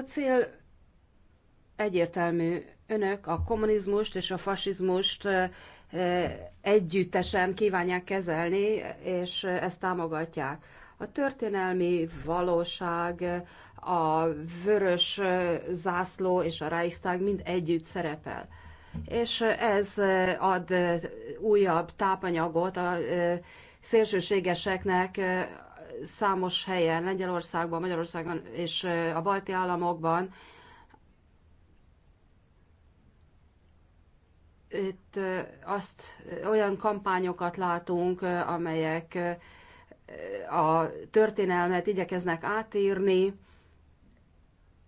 A cél egyértelmű. Önök a kommunizmust és a fasizmust eh, együttesen kívánják kezelni, és eh, ezt támogatják. A történelmi valóság, eh, a vörös zászló és a Reichstag mind együtt szerepel. És ez ad újabb tápanyagot a szélsőségeseknek számos helyen, Lengyelországban, Magyarországon és a balti államokban itt azt olyan kampányokat látunk, amelyek a történelmet igyekeznek átírni,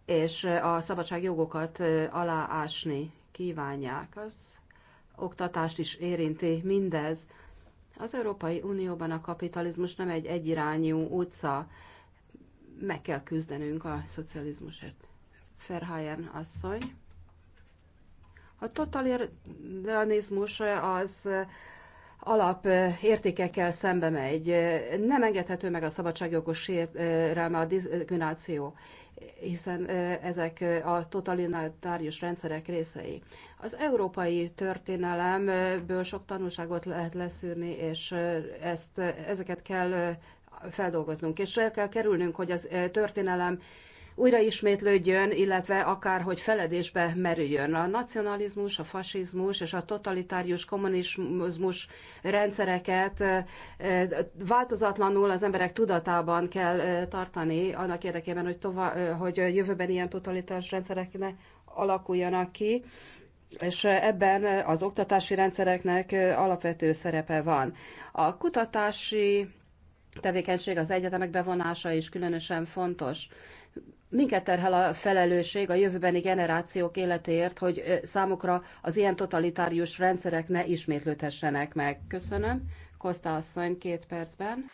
és a szabadságjogokat aláásni kívánják. Az oktatást is érinti mindez. Az Európai Unióban a kapitalizmus nem egy egyirányú utca, meg kell küzdenünk a szocializmusért. Ferhájen asszony. A totalitanizmus az alapértékekkel szembe megy. Nem engedhető meg a szabadságjogos sérelme a diszkrimináció, hiszen ezek a totalitárius rendszerek részei. Az európai történelemből sok tanulságot lehet leszűrni, és ezt, ezeket kell feldolgoznunk, és el kell kerülnünk, hogy az történelem újra ismétlődjön, illetve akár hogy feledésbe merüljön. A nacionalizmus, a fasizmus és a totalitárius kommunizmus rendszereket változatlanul az emberek tudatában kell tartani, annak érdekében, hogy, tova, hogy jövőben ilyen totalitárius rendszerek ne alakuljanak ki és ebben az oktatási rendszereknek alapvető szerepe van. A kutatási tevékenység, az egyetemek bevonása is különösen fontos minket terhel a felelősség a jövőbeni generációk életéért, hogy számukra az ilyen totalitárius rendszerek ne ismétlődhessenek meg. Köszönöm. Kosta asszony, két percben.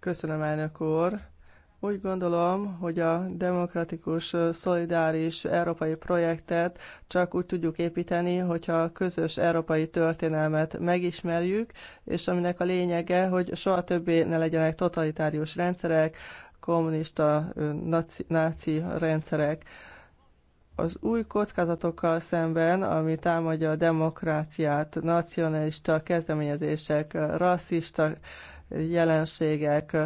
Köszönöm, elnök úr. Úgy gondolom, hogy a demokratikus, szolidáris európai projektet csak úgy tudjuk építeni, hogyha a közös európai történelmet megismerjük, és aminek a lényege, hogy soha többé ne legyenek totalitárius rendszerek, kommunista, náci, náci rendszerek. Az új kockázatokkal szemben, ami támadja a demokráciát, nacionalista kezdeményezések, rasszista jelenségek,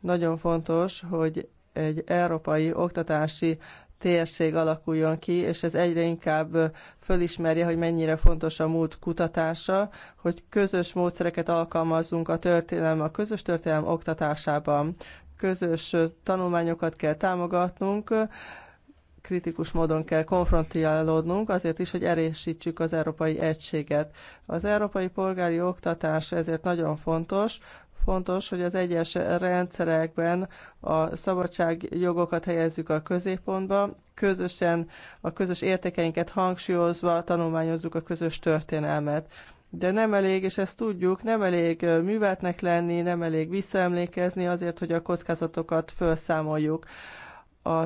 nagyon fontos, hogy egy európai oktatási térség alakuljon ki, és ez egyre inkább fölismerje, hogy mennyire fontos a múlt kutatása, hogy közös módszereket alkalmazzunk a történelem, a közös történelem oktatásában. Közös tanulmányokat kell támogatnunk, kritikus módon kell konfrontálódnunk, azért is, hogy erősítsük az európai egységet. Az európai polgári oktatás ezért nagyon fontos, fontos, hogy az egyes rendszerekben a szabadságjogokat helyezzük a középpontba, közösen a közös értékeinket hangsúlyozva tanulmányozzuk a közös történelmet. De nem elég, és ezt tudjuk, nem elég műveltnek lenni, nem elég visszaemlékezni azért, hogy a kockázatokat felszámoljuk. A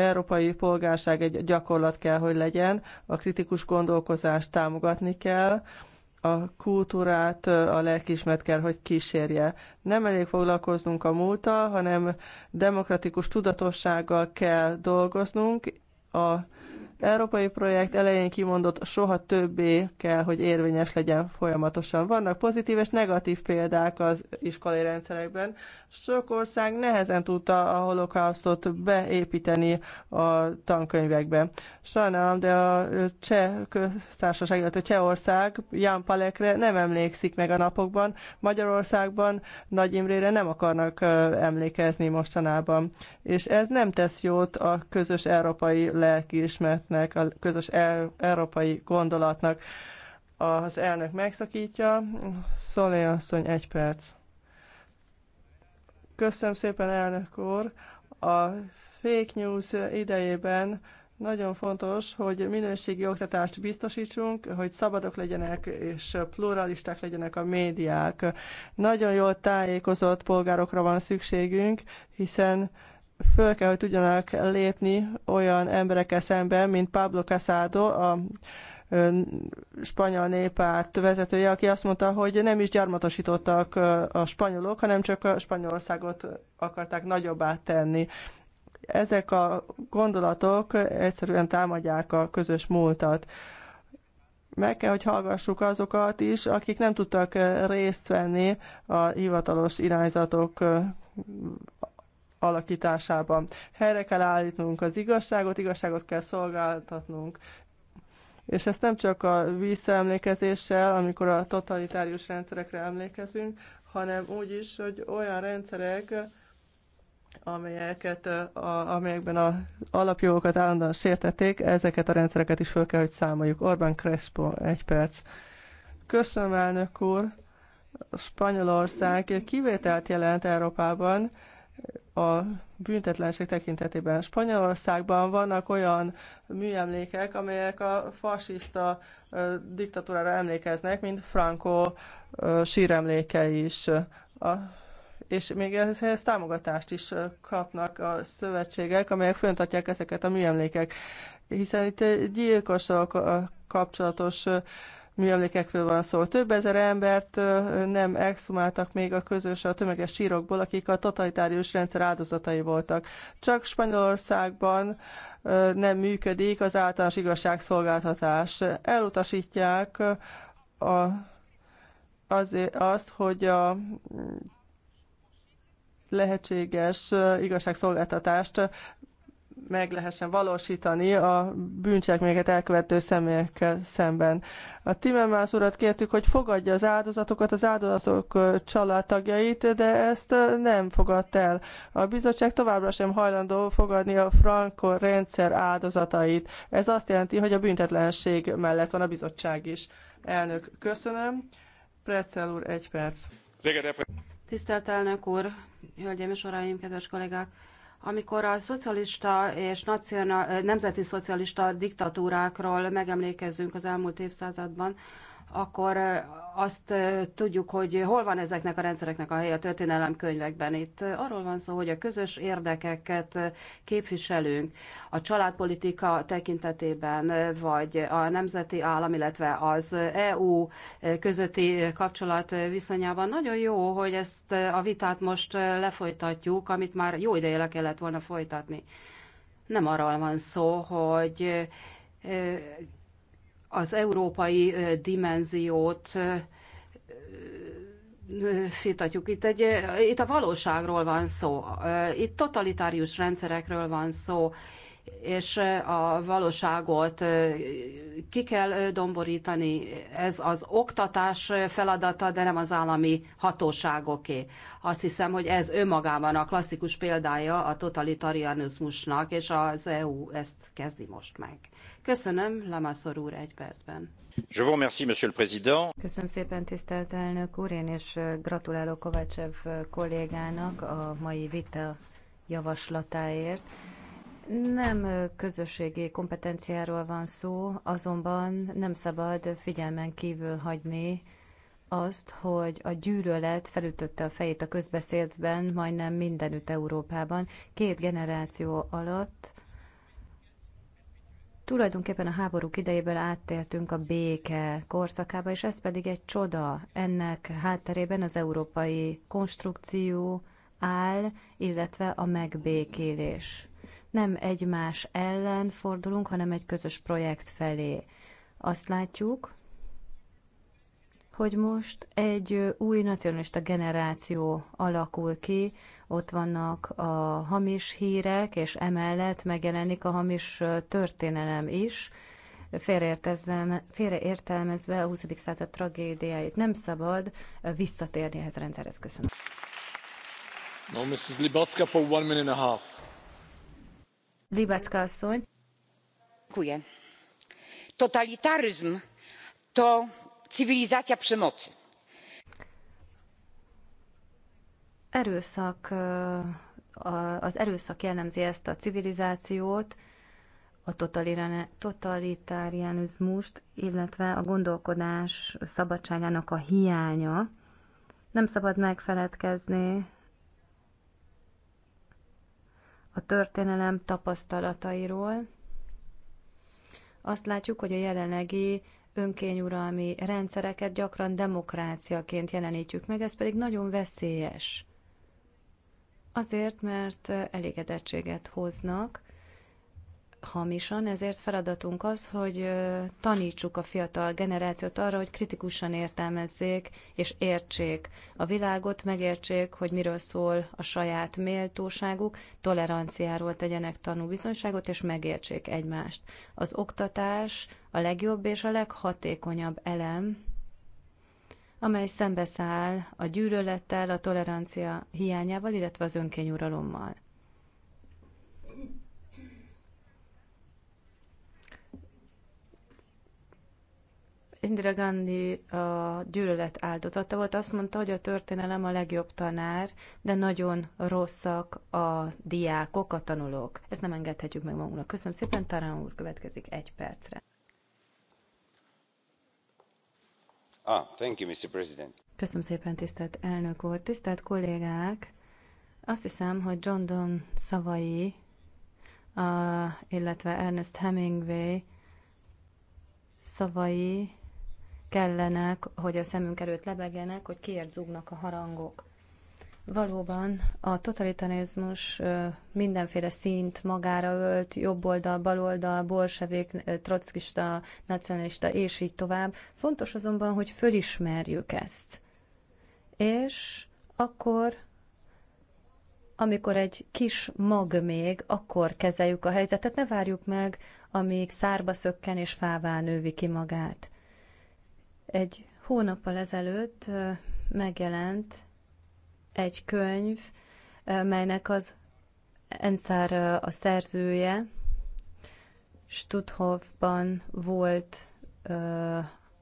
európai polgárság egy gyakorlat kell, hogy legyen, a kritikus gondolkozást támogatni kell, a kultúrát, a lelkiismert kell, hogy kísérje. Nem elég foglalkoznunk a múlttal, hanem demokratikus tudatossággal kell dolgoznunk, a európai projekt elején kimondott soha többé kell, hogy érvényes legyen folyamatosan. Vannak pozitív és negatív példák az iskolai rendszerekben. Sok ország nehezen tudta a holokausztot beépíteni a tankönyvekbe. Sajnálom, de a cseh köztársaság, illetve Csehország Jan Palekre nem emlékszik meg a napokban. Magyarországban Nagy Imrére nem akarnak emlékezni mostanában. És ez nem tesz jót a közös európai lelkiismeret ezeknek a közös el, európai gondolatnak. Az elnök megszakítja. Szolé asszony, egy perc. Köszönöm szépen, elnök úr. A fake news idejében nagyon fontos, hogy minőségi oktatást biztosítsunk, hogy szabadok legyenek és pluralisták legyenek a médiák. Nagyon jól tájékozott polgárokra van szükségünk, hiszen föl kell, hogy tudjanak lépni olyan emberekkel szemben, mint Pablo Casado, a spanyol néppárt vezetője, aki azt mondta, hogy nem is gyarmatosítottak a spanyolok, hanem csak a Spanyolországot akarták nagyobbá tenni. Ezek a gondolatok egyszerűen támadják a közös múltat. Meg kell, hogy hallgassuk azokat is, akik nem tudtak részt venni a hivatalos irányzatok alakításában. Helyre kell állítanunk az igazságot, igazságot kell szolgáltatnunk. És ezt nem csak a visszaemlékezéssel, amikor a totalitárius rendszerekre emlékezünk, hanem úgy is, hogy olyan rendszerek, amelyeket, a, amelyekben az alapjogokat állandóan sértették, ezeket a rendszereket is fel kell, hogy számoljuk. Orbán Crespo, egy perc. Köszönöm, elnök úr! Spanyolország kivételt jelent Európában, a büntetlenség tekintetében. Spanyolországban vannak olyan műemlékek, amelyek a fasiszta diktatúrára emlékeznek, mint Franco síremléke is. A, és még ehhez támogatást is kapnak a szövetségek, amelyek föntartják ezeket a műemlékek. Hiszen itt gyilkosok kapcsolatos műemlékekről van szó. Több ezer embert nem exhumáltak még a közös, a tömeges sírokból, akik a totalitárius rendszer áldozatai voltak. Csak Spanyolországban nem működik az általános igazságszolgáltatás. Elutasítják a, azért azt, hogy a lehetséges igazságszolgáltatást meg lehessen valósítani a bűncselekményeket elkövető személyekkel szemben. A Timmermans urat kértük, hogy fogadja az áldozatokat, az áldozatok családtagjait, de ezt nem fogadta el. A bizottság továbbra sem hajlandó fogadni a Franco rendszer áldozatait. Ez azt jelenti, hogy a büntetlenség mellett van a bizottság is. Elnök, köszönöm. Pretzel úr, egy perc. Tisztelt elnök úr, hölgyeim és uraim, kedves kollégák! Amikor a szocialista és nacional, nemzeti szocialista diktatúrákról megemlékezzünk az elmúlt évszázadban, akkor azt tudjuk, hogy hol van ezeknek a rendszereknek a helye a történelemkönyvekben. Itt arról van szó, hogy a közös érdekeket képviselünk a családpolitika tekintetében, vagy a nemzeti állam, illetve az EU közötti kapcsolat viszonyában. Nagyon jó, hogy ezt a vitát most lefolytatjuk, amit már jó ideje le kellett volna folytatni. Nem arról van szó, hogy az európai dimenziót fitatjuk. Itt, egy, itt a valóságról van szó, itt totalitárius rendszerekről van szó, és a valóságot ki kell domborítani, ez az oktatás feladata, de nem az állami hatóságoké. Azt hiszem, hogy ez önmagában a klasszikus példája a totalitarianizmusnak, és az EU ezt kezdi most meg. Köszönöm, Lamaszor úr, egy percben. Je vous remercie, monsieur le président. Köszönöm szépen, tisztelt elnök úr, én is gratulálok Kovácsev kollégának a mai vita javaslatáért. Nem közösségi kompetenciáról van szó, azonban nem szabad figyelmen kívül hagyni azt, hogy a gyűlölet felütötte a fejét a közbeszédben majdnem mindenütt Európában. Két generáció alatt tulajdonképpen a háborúk idejéből áttértünk a béke korszakába, és ez pedig egy csoda. Ennek hátterében az európai konstrukció áll, illetve a megbékélés nem egymás ellen fordulunk, hanem egy közös projekt felé. Azt látjuk, hogy most egy új nacionalista generáció alakul ki, ott vannak a hamis hírek, és emellett megjelenik a hamis történelem is, félreértelmezve a 20. század tragédiáit. Nem szabad visszatérni ehhez a rendszerhez. Köszönöm. No, Mrs. Libacka for one minute and a half. Libacka asszony. Totalitaryzm to cywilizacja przemocy. Erőszak, az erőszak jellemzi ezt a civilizációt, a totalitárianizmust, illetve a gondolkodás szabadságának a hiánya. Nem szabad megfeledkezni a történelem tapasztalatairól. Azt látjuk, hogy a jelenlegi önkényuralmi rendszereket gyakran demokráciaként jelenítjük meg, ez pedig nagyon veszélyes. Azért, mert elégedettséget hoznak, hamisan, ezért feladatunk az, hogy tanítsuk a fiatal generációt arra, hogy kritikusan értelmezzék és értsék a világot, megértsék, hogy miről szól a saját méltóságuk, toleranciáról tegyenek tanúbizonyságot, és megértsék egymást. Az oktatás a legjobb és a leghatékonyabb elem, amely szembeszáll a gyűlölettel, a tolerancia hiányával, illetve az önkényuralommal. Indira Gandhi a gyűlölet áldozata volt, azt mondta, hogy a történelem a legjobb tanár, de nagyon rosszak a diákok, a tanulók. Ezt nem engedhetjük meg magunknak. Köszönöm szépen, Tarán úr, következik egy percre. Ah, thank you, Mr. President. Köszönöm szépen, tisztelt elnök úr, tisztelt kollégák! Azt hiszem, hogy John Donne szavai, a, illetve Ernest Hemingway szavai kellenek, hogy a szemünk előtt lebegjenek, hogy kiért zúgnak a harangok. Valóban a totalitarizmus mindenféle szint magára ölt, jobboldal, baloldal, bolsevék, trockista, nacionalista, és így tovább. Fontos azonban, hogy fölismerjük ezt. És akkor, amikor egy kis mag még, akkor kezeljük a helyzetet, ne várjuk meg, amíg szárba szökken és fává nővi ki magát. Egy hónappal ezelőtt megjelent egy könyv, melynek az Enszár a szerzője, Stutthofban volt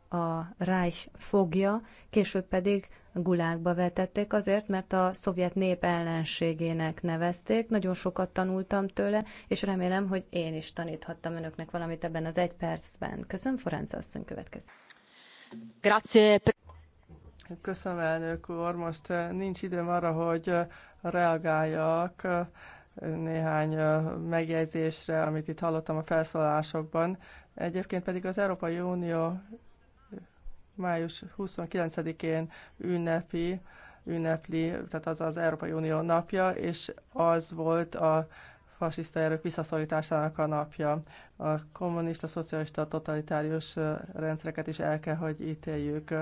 a Reich fogja, később pedig gulákba vetették azért, mert a szovjet nép ellenségének nevezték. Nagyon sokat tanultam tőle, és remélem, hogy én is taníthattam önöknek valamit ebben az egy percben. Köszönöm, Forenza asszony következik. Köszönöm, elnök úr. Most eh, nincs időm arra, hogy eh, reagáljak eh, néhány megjegyzésre, amit itt hallottam a felszólalásokban. Egyébként pedig az Európai Unió május 29-én ünnepi, ünnepli, tehát az az Európai Unió napja, és az volt a fasiszta erők visszaszorításának a napja. A kommunista, szocialista, totalitárius rendszereket is el kell, hogy ítéljük.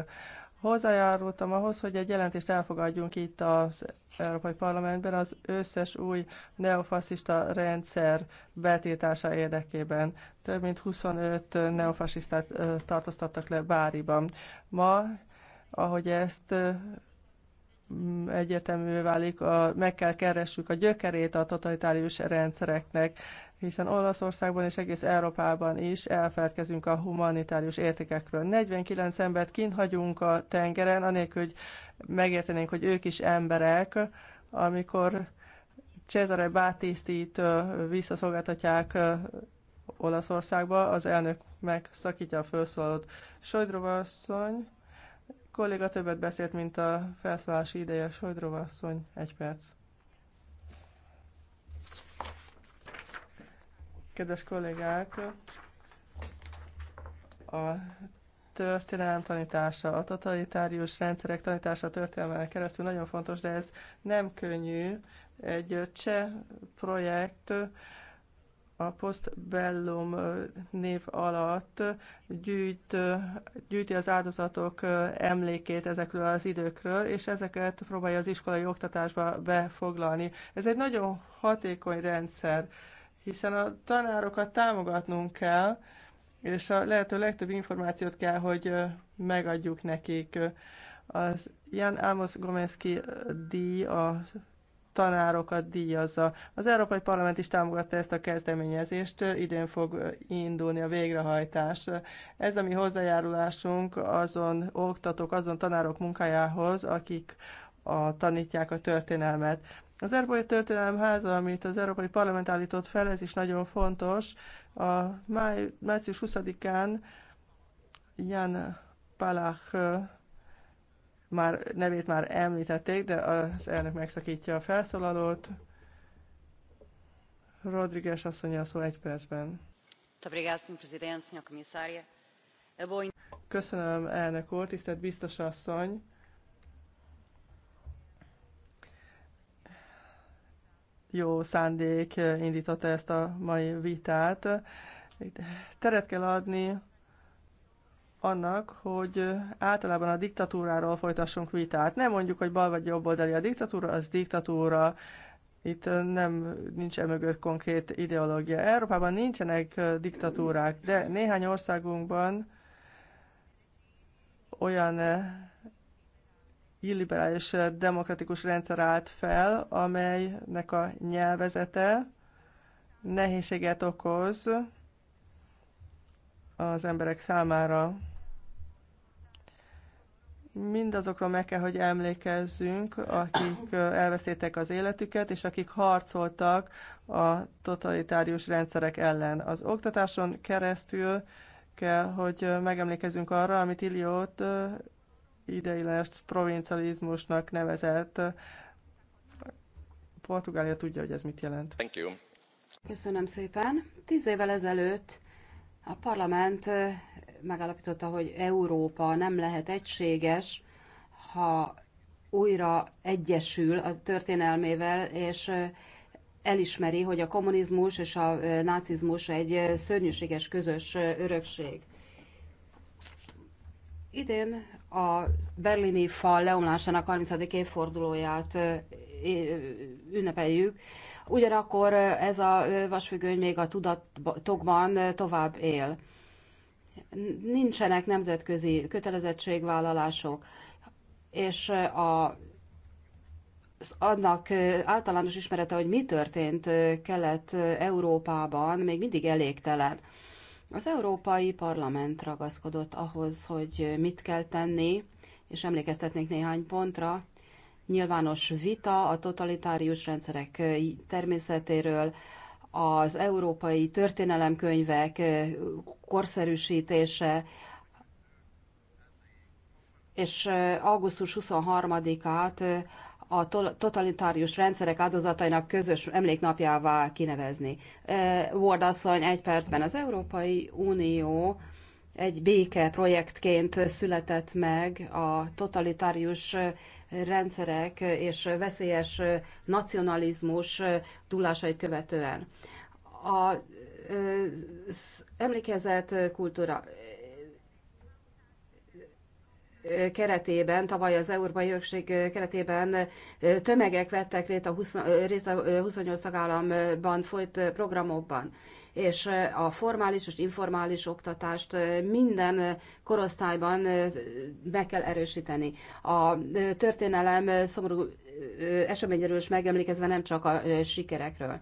Hozzájárultam ahhoz, hogy egy jelentést elfogadjunk itt az Európai Parlamentben az összes új neofaszista rendszer betiltása érdekében. Több mint 25 neofasisztát tartóztattak le Báriban. Ma, ahogy ezt egyértelművé válik, a, meg kell keressük a gyökerét a totalitárius rendszereknek, hiszen Olaszországban és egész Európában is elfeledkezünk a humanitárius értékekről. 49 embert kint hagyunk a tengeren, anélkül, hogy megértenénk, hogy ők is emberek, amikor Cesare Bátisztit visszaszolgáltatják Olaszországba, az elnök megszakítja a felszólalót. Sojdrova asszony, kolléga többet beszélt, mint a felszállási ideje. Sojdrova asszony, egy perc. Kedves kollégák, a történelem tanítása, a totalitárius rendszerek tanítása a történelmen keresztül nagyon fontos, de ez nem könnyű. Egy cseh projekt a postbellum név alatt gyűjt, gyűjti az áldozatok emlékét ezekről az időkről, és ezeket próbálja az iskolai oktatásba befoglalni. Ez egy nagyon hatékony rendszer, hiszen a tanárokat támogatnunk kell, és a lehető legtöbb információt kell, hogy megadjuk nekik. Az Jan Amos Gomeski díj a tanárokat díjazza. Az Európai Parlament is támogatta ezt a kezdeményezést, idén fog indulni a végrehajtás. Ez a mi hozzájárulásunk azon oktatók, azon tanárok munkájához, akik a, tanítják a történelmet. Az Európai Történelem Háza, amit az Európai Parlament állított fel, ez is nagyon fontos. A máj, március 20-án Jan Palach már nevét már említették, de az elnök megszakítja a felszólalót. Rodriguez asszony a szó egy percben. Köszönöm, elnök úr, tisztelt biztos asszony. Jó szándék indította ezt a mai vitát. Teret kell adni annak, hogy általában a diktatúráról folytassunk vitát. Nem mondjuk, hogy bal vagy jobb oldali a diktatúra, az diktatúra. Itt nem nincs e mögött konkrét ideológia. Európában nincsenek diktatúrák, de néhány országunkban olyan illiberális demokratikus rendszer állt fel, amelynek a nyelvezete nehézséget okoz az emberek számára. Mindazokról meg kell, hogy emlékezzünk, akik elveszítettek az életüket, és akik harcoltak a totalitárius rendszerek ellen. Az oktatáson keresztül kell, hogy megemlékezzünk arra, amit Iliót ideiglenes provincializmusnak nevezett. Portugália tudja, hogy ez mit jelent. Thank you. Köszönöm szépen. Tíz évvel ezelőtt a parlament megállapította, hogy Európa nem lehet egységes, ha újra egyesül a történelmével, és elismeri, hogy a kommunizmus és a nácizmus egy szörnyűséges közös örökség. Idén a berlini fal leomlásának 30. évfordulóját ünnepeljük ugyanakkor ez a vasfüggöny még a tudatokban tovább él. Nincsenek nemzetközi kötelezettségvállalások, és a az annak általános ismerete, hogy mi történt Kelet-Európában, még mindig elégtelen. Az Európai Parlament ragaszkodott ahhoz, hogy mit kell tenni, és emlékeztetnék néhány pontra nyilvános vita a totalitárius rendszerek természetéről, az európai történelemkönyvek korszerűsítése, és augusztus 23-át a totalitárius rendszerek áldozatainak közös emléknapjává kinevezni. Ward asszony egy percben az Európai Unió egy béke projektként született meg a totalitárius rendszerek és veszélyes nacionalizmus túlásait követően. A emlékezett kultúra keretében, tavaly az Európai Örökség keretében tömegek vettek részt a 28 tagállamban folyt programokban és a formális és informális oktatást minden korosztályban be kell erősíteni. A történelem szomorú eseményről is megemlékezve nem csak a sikerekről.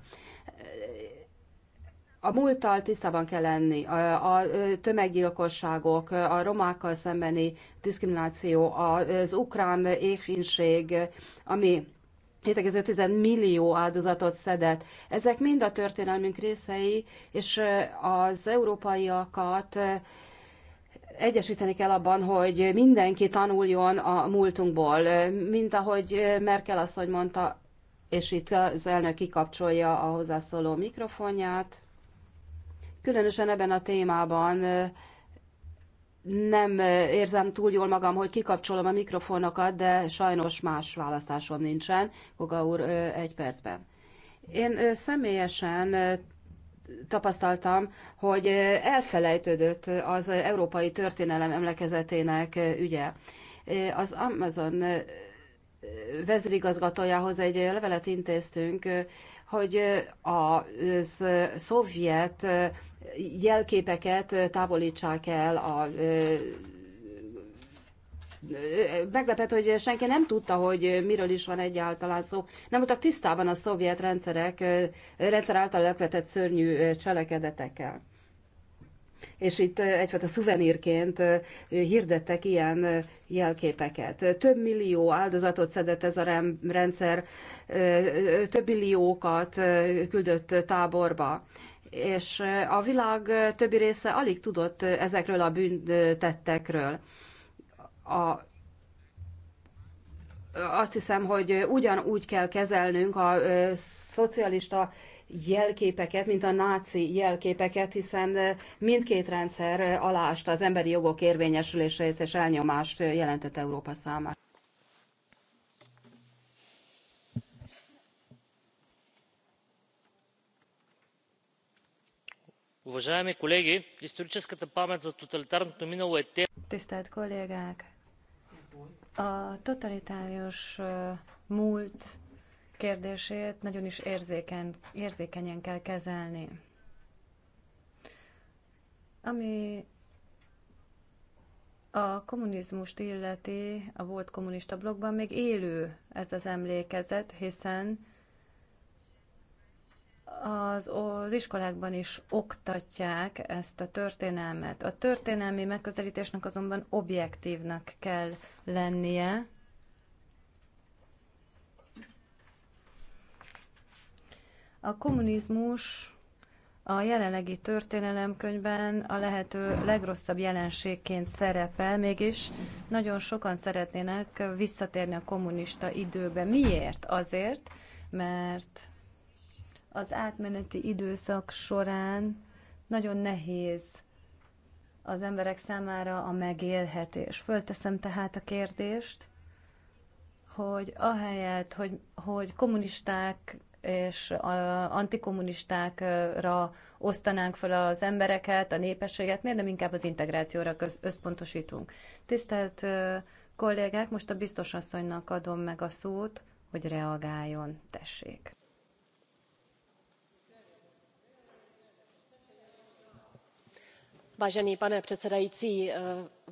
A múlttal tisztában kell lenni, a tömeggyilkosságok, a romákkal szembeni diszkrimináció, az ukrán éhínség, ami 7,5 millió áldozatot szedett. Ezek mind a történelmünk részei, és az európaiakat egyesíteni kell abban, hogy mindenki tanuljon a múltunkból, mint ahogy Merkel asszony mondta, és itt az elnök kikapcsolja a hozzászóló mikrofonját. Különösen ebben a témában nem érzem túl jól magam, hogy kikapcsolom a mikrofonokat, de sajnos más választásom nincsen. Koga úr, egy percben. Én személyesen tapasztaltam, hogy elfelejtődött az európai történelem emlékezetének ügye. Az Amazon vezérigazgatójához egy levelet intéztünk, hogy a szovjet jelképeket távolítsák el a meglepett, hogy senki nem tudta, hogy miről is van egyáltalán szó. Nem voltak tisztában a szovjet rendszerek, rendszer által elkövetett szörnyű cselekedetekkel és itt egyfajta szuvenírként hirdettek ilyen jelképeket. Több millió áldozatot szedett ez a rendszer, több milliókat küldött táborba és a világ többi része alig tudott ezekről a bűntettekről A, azt hiszem, hogy ugyanúgy kell kezelnünk a szocialista jelképeket, mint a náci jelképeket, hiszen mindkét rendszer alásta az emberi jogok érvényesülését és elnyomást jelentett Európa számára. Уважаеми колеги, историческата памет за тоталитарното минало е тема. Tisztelt kollégák! A totalitárius múlt kérdését nagyon is érzéken, érzékenyen kell kezelni. Ami a kommunizmust illeti, a volt kommunista blogban még élő ez az emlékezet, hiszen az, az iskolákban is oktatják ezt a történelmet. A történelmi megközelítésnek azonban objektívnak kell lennie, A kommunizmus a jelenlegi történelemkönyvben a lehető legrosszabb jelenségként szerepel, mégis nagyon sokan szeretnének visszatérni a kommunista időbe. Miért? Azért, mert az átmeneti időszak során nagyon nehéz az emberek számára a megélhetés. Fölteszem tehát a kérdést, hogy ahelyett, hogy, hogy kommunisták és antikommunistákra osztanánk fel az embereket, a népességet, miért nem inkább az integrációra összpontosítunk. Tisztelt kollégák, most a biztos asszonynak adom meg a szót, hogy reagáljon, tessék. Vážený pane předsedající,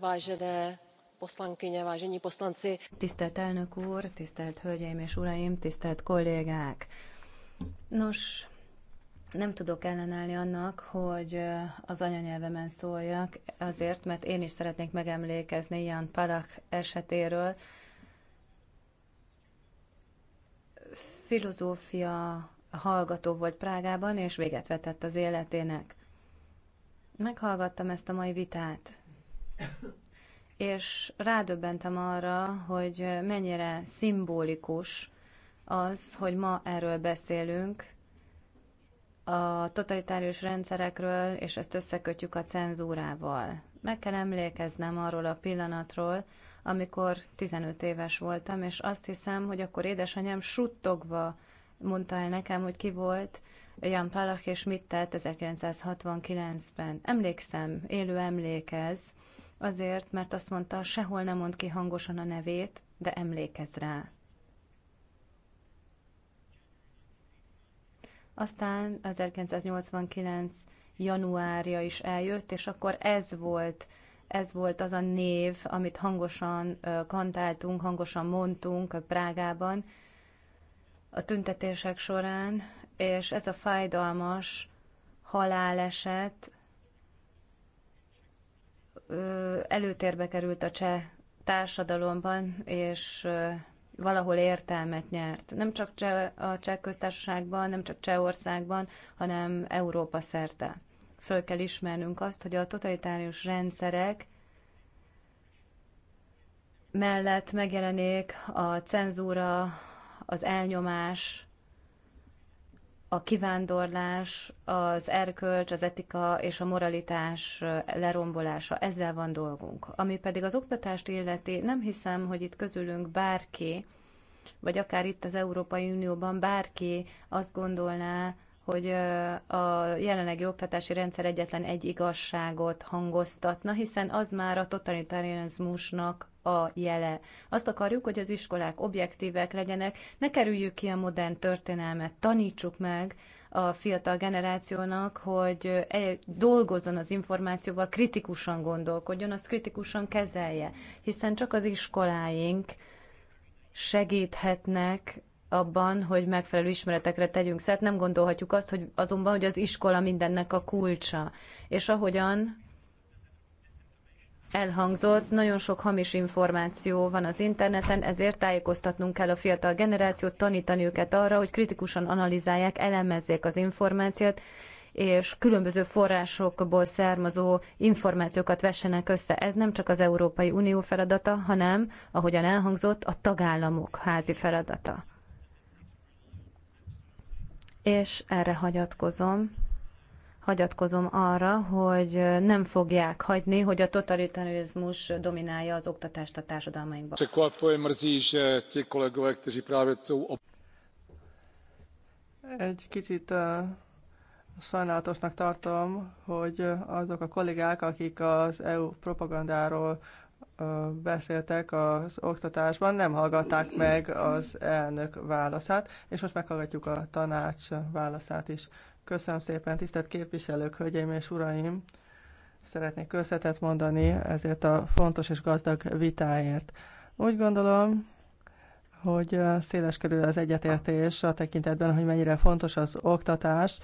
vážené poslankyně, vážení poslanci. Tisztelt elnök úr, tisztelt hölgyeim és uraim, tisztelt kollégák! Nos, nem tudok ellenállni annak, hogy az anyanyelvemen szóljak, azért, mert én is szeretnék megemlékezni ilyen Palach esetéről. Filozófia hallgató volt Prágában, és véget vetett az életének. Meghallgattam ezt a mai vitát, és rádöbbentem arra, hogy mennyire szimbolikus az, hogy ma erről beszélünk, a totalitárius rendszerekről, és ezt összekötjük a cenzúrával. Meg kell emlékeznem arról a pillanatról, amikor 15 éves voltam, és azt hiszem, hogy akkor édesanyám suttogva mondta el nekem, hogy ki volt Jan Palach, és mit tett 1969-ben. Emlékszem, élő emlékez, azért, mert azt mondta, sehol nem mond ki hangosan a nevét, de emlékez rá. Aztán 1989 januárja is eljött, és akkor ez volt ez volt az a név, amit hangosan kantáltunk, hangosan mondtunk Prágában a tüntetések során, és ez a fájdalmas haláleset előtérbe került a cseh társadalomban, és valahol értelmet nyert. Nem csak Cseh, a Cseh köztársaságban, nem csak Csehországban, hanem Európa szerte. Föl kell ismernünk azt, hogy a totalitárius rendszerek mellett megjelenik a cenzúra, az elnyomás, a kivándorlás, az erkölcs, az etika és a moralitás lerombolása. Ezzel van dolgunk. Ami pedig az oktatást illeti, nem hiszem, hogy itt közülünk bárki, vagy akár itt az Európai Unióban bárki azt gondolná, hogy a jelenlegi oktatási rendszer egyetlen egy igazságot hangoztatna, hiszen az már a totalitárianizmusnak a jele. Azt akarjuk, hogy az iskolák objektívek legyenek, ne kerüljük ki a modern történelmet, tanítsuk meg a fiatal generációnak, hogy dolgozzon az információval, kritikusan gondolkodjon, azt kritikusan kezelje, hiszen csak az iskoláink segíthetnek abban, hogy megfelelő ismeretekre tegyünk szert. Nem gondolhatjuk azt, hogy azonban, hogy az iskola mindennek a kulcsa. És ahogyan elhangzott, nagyon sok hamis információ van az interneten, ezért tájékoztatnunk kell a fiatal generációt, tanítani őket arra, hogy kritikusan analizálják, elemezzék az információt, és különböző forrásokból származó információkat vessenek össze. Ez nem csak az Európai Unió feladata, hanem, ahogyan elhangzott, a tagállamok házi feladata és erre hagyatkozom, hagyatkozom arra, hogy nem fogják hagyni, hogy a totalitarizmus dominálja az oktatást a társadalmainkban. Egy kicsit uh, sajnálatosnak tartom, hogy azok a kollégák, akik az EU propagandáról beszéltek az oktatásban, nem hallgatták meg az elnök válaszát, és most meghallgatjuk a tanács válaszát is. Köszönöm szépen, tisztelt képviselők, hölgyeim és uraim! Szeretnék köszönetet mondani ezért a fontos és gazdag vitáért. Úgy gondolom, hogy széles körül az egyetértés a tekintetben, hogy mennyire fontos az oktatás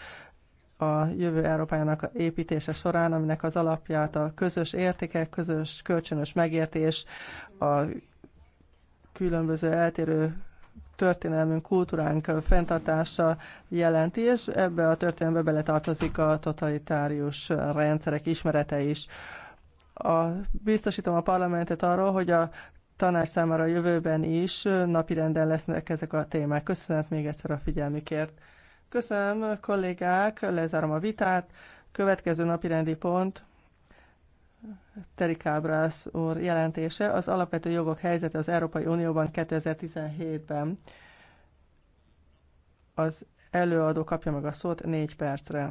a jövő Európájának építése során, aminek az alapját a közös értékek, közös kölcsönös megértés, a különböző eltérő történelmünk, kultúránk fenntartása jelenti, és ebbe a történelembe beletartozik a totalitárius rendszerek ismerete is. A, biztosítom a parlamentet arról, hogy a tanács számára a jövőben is napirenden lesznek ezek a témák. Köszönet még egyszer a figyelmükért. Köszönöm, kollégák, lezárom a vitát. Következő napirendi pont Terik Ábrász úr jelentése az alapvető jogok helyzete az Európai Unióban 2017-ben. Az előadó kapja meg a szót négy percre.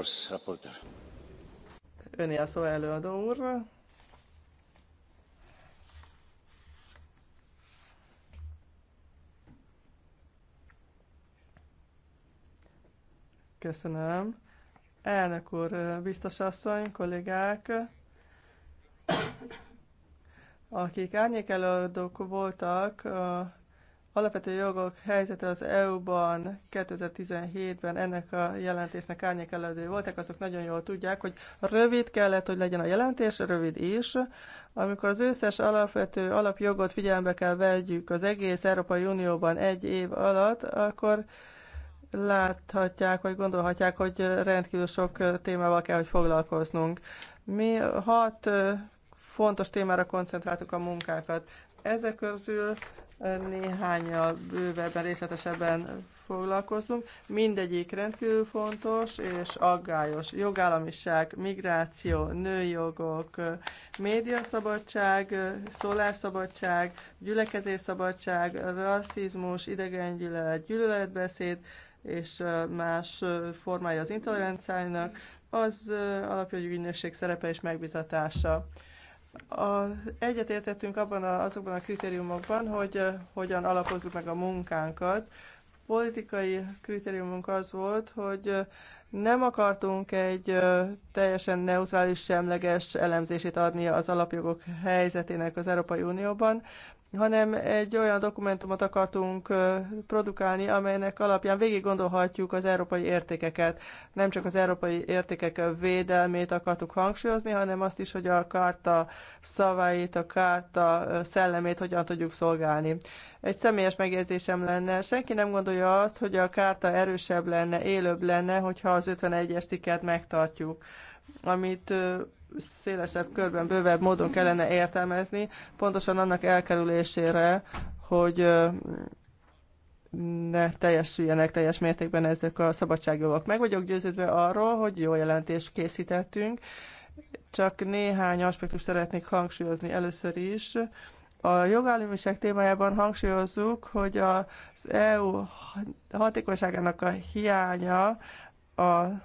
yours, rapporteur. Öné a szó előadó úr. Köszönöm. Elnök úr, biztos asszony, kollégák, akik árnyékelőadók voltak a alapvető jogok helyzete az EU-ban 2017-ben ennek a jelentésnek árnyék előadói voltak, azok nagyon jól tudják, hogy rövid kellett, hogy legyen a jelentés, rövid is. Amikor az összes alapvető alapjogot figyelembe kell vegyük az egész Európai Unióban egy év alatt, akkor láthatják, vagy gondolhatják, hogy rendkívül sok témával kell, hogy foglalkoznunk. Mi hat fontos témára koncentráltuk a munkákat. Ezek közül néhány bővebben, részletesebben foglalkozunk. Mindegyik rendkívül fontos és aggályos. Jogállamiság, migráció, nőjogok, médiaszabadság, szólásszabadság, gyülekezésszabadság, rasszizmus, idegengyűlölet, gyűlöletbeszéd, és más formája az intoleranciának, az alapjogi ügynökség szerepe és megbizatása. A, egyetértettünk abban a, azokban a kritériumokban, hogy hogyan alapozzuk meg a munkánkat. Politikai kritériumunk az volt, hogy nem akartunk egy teljesen neutrális, semleges elemzését adni az alapjogok helyzetének az Európai Unióban, hanem egy olyan dokumentumot akartunk produkálni, amelynek alapján végig gondolhatjuk az európai értékeket. Nem csak az európai értékek védelmét akartuk hangsúlyozni, hanem azt is, hogy a karta szavait, a karta szellemét hogyan tudjuk szolgálni. Egy személyes megjegyzésem lenne, senki nem gondolja azt, hogy a kárta erősebb lenne, élőbb lenne, hogyha az 51-es cikket megtartjuk. Amit szélesebb körben, bővebb módon kellene értelmezni, pontosan annak elkerülésére, hogy ne teljesüljenek teljes mértékben ezek a szabadságjogok. Meg vagyok győződve arról, hogy jó jelentést készítettünk, csak néhány aspektus szeretnék hangsúlyozni először is. A jogállamiság témájában hangsúlyozzuk, hogy az EU hatékonyságának a hiánya a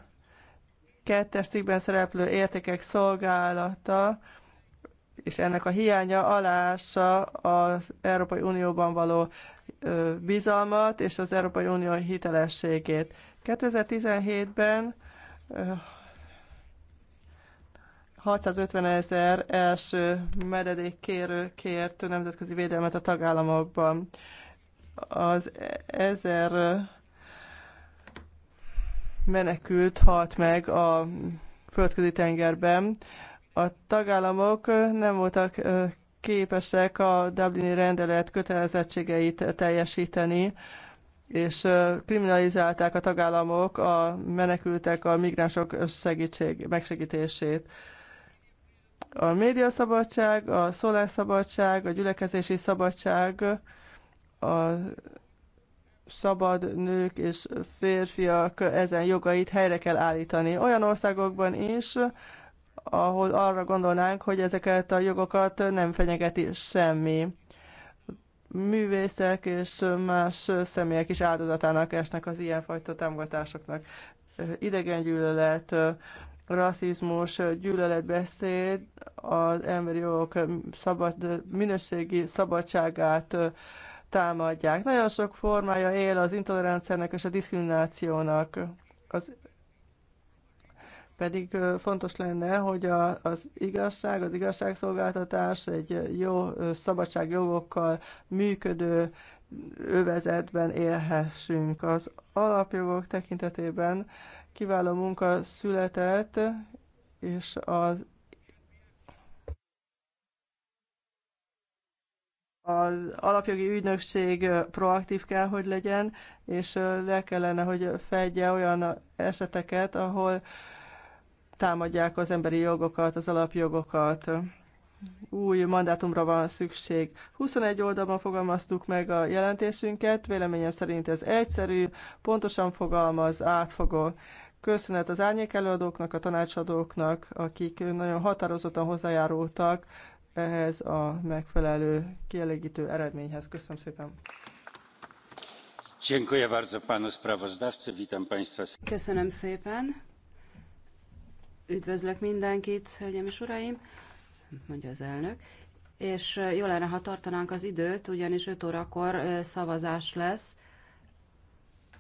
kettes cikkben szereplő értékek szolgálata és ennek a hiánya alása az Európai Unióban való bizalmat és az Európai Unió hitelességét. 2017-ben 650 ezer első kérő kért nemzetközi védelmet a tagállamokban. Az e- ezer menekült halt meg a földközi tengerben. A tagállamok nem voltak képesek a Dublini rendelet kötelezettségeit teljesíteni, és kriminalizálták a tagállamok a menekültek, a migránsok segítség, megsegítését. A médiaszabadság, a szólásszabadság, a gyülekezési szabadság, a szabad nők és férfiak ezen jogait helyre kell állítani. Olyan országokban is, ahol arra gondolnánk, hogy ezeket a jogokat nem fenyegeti semmi. Művészek és más személyek is áldozatának esnek az ilyenfajta támogatásoknak. Idegengyűlölet, rasszizmus, gyűlöletbeszéd, az emberi jogok szabad, minőségi szabadságát támadják. Nagyon sok formája él az intoleranciának és a diszkriminációnak. Az pedig fontos lenne, hogy a, az igazság, az igazságszolgáltatás egy jó szabadságjogokkal működő övezetben élhessünk. Az alapjogok tekintetében kiváló munka született, és az Az alapjogi ügynökség proaktív kell, hogy legyen, és le kellene, hogy fedje olyan eseteket, ahol támadják az emberi jogokat, az alapjogokat. Új mandátumra van szükség. 21 oldalban fogalmaztuk meg a jelentésünket, véleményem szerint ez egyszerű, pontosan fogalmaz, átfogó. Köszönet az árnyék előadóknak, a tanácsadóknak, akik nagyon határozottan hozzájárultak ehhez a megfelelő kielégítő eredményhez. Köszönöm szépen! Köszönöm szépen! Üdvözlök mindenkit, hölgyeim és uraim, mondja az elnök. És jó lenne, ha tartanánk az időt, ugyanis 5 órakor szavazás lesz.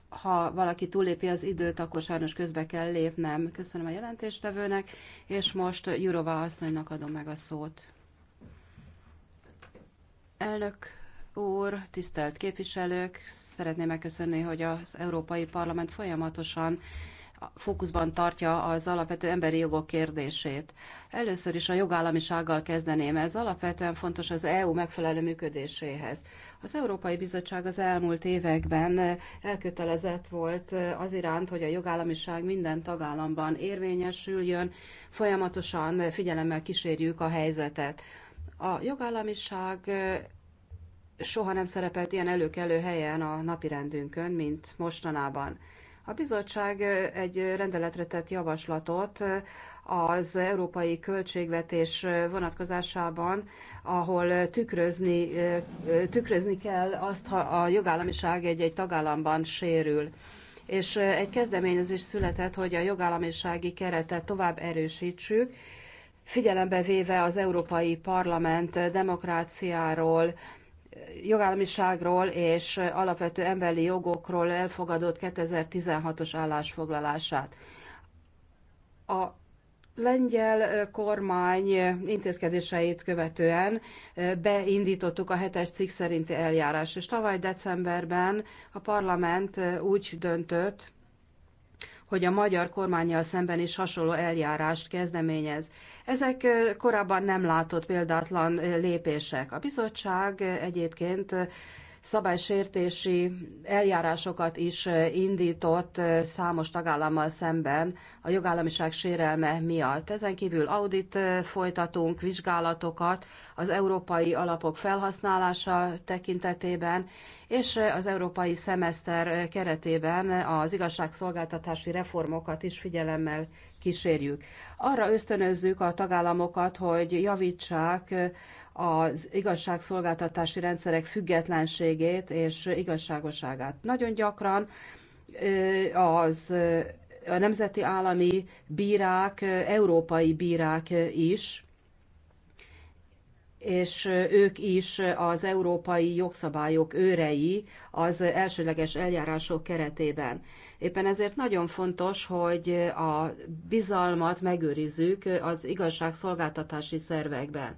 Ha valaki túlépi az időt, akkor sajnos közbe kell lépnem. Köszönöm a jelentéstevőnek, és most Jurova asszonynak adom meg a szót. Elnök úr, tisztelt képviselők, szeretném megköszönni, hogy az Európai Parlament folyamatosan fókuszban tartja az alapvető emberi jogok kérdését. Először is a jogállamisággal kezdeném. Ez alapvetően fontos az EU megfelelő működéséhez. Az Európai Bizottság az elmúlt években elkötelezett volt az iránt, hogy a jogállamiság minden tagállamban érvényesüljön, folyamatosan figyelemmel kísérjük a helyzetet. A jogállamiság soha nem szerepelt ilyen előkelő helyen a napirendünkön, mint mostanában. A bizottság egy rendeletre tett javaslatot az európai költségvetés vonatkozásában, ahol tükrözni, tükrözni kell azt, ha a jogállamiság egy-egy tagállamban sérül. És egy kezdeményezés született, hogy a jogállamisági keretet tovább erősítsük, figyelembe véve az Európai Parlament demokráciáról, jogállamiságról és alapvető emberi jogokról elfogadott 2016-os állásfoglalását. A lengyel kormány intézkedéseit követően beindítottuk a hetes cikk szerinti eljárás, és tavaly decemberben a parlament úgy döntött, hogy a magyar kormányjal szemben is hasonló eljárást kezdeményez. Ezek korábban nem látott példátlan lépések. A bizottság egyébként szabálysértési eljárásokat is indított számos tagállammal szemben a jogállamiság sérelme miatt. Ezen kívül audit folytatunk, vizsgálatokat az európai alapok felhasználása tekintetében, és az európai szemeszter keretében az igazságszolgáltatási reformokat is figyelemmel kísérjük. Arra ösztönözzük a tagállamokat, hogy javítsák az igazságszolgáltatási rendszerek függetlenségét és igazságoságát. Nagyon gyakran az a nemzeti állami bírák, európai bírák is, és ők is az európai jogszabályok őrei az elsőleges eljárások keretében. Éppen ezért nagyon fontos, hogy a bizalmat megőrizzük az igazságszolgáltatási szervekben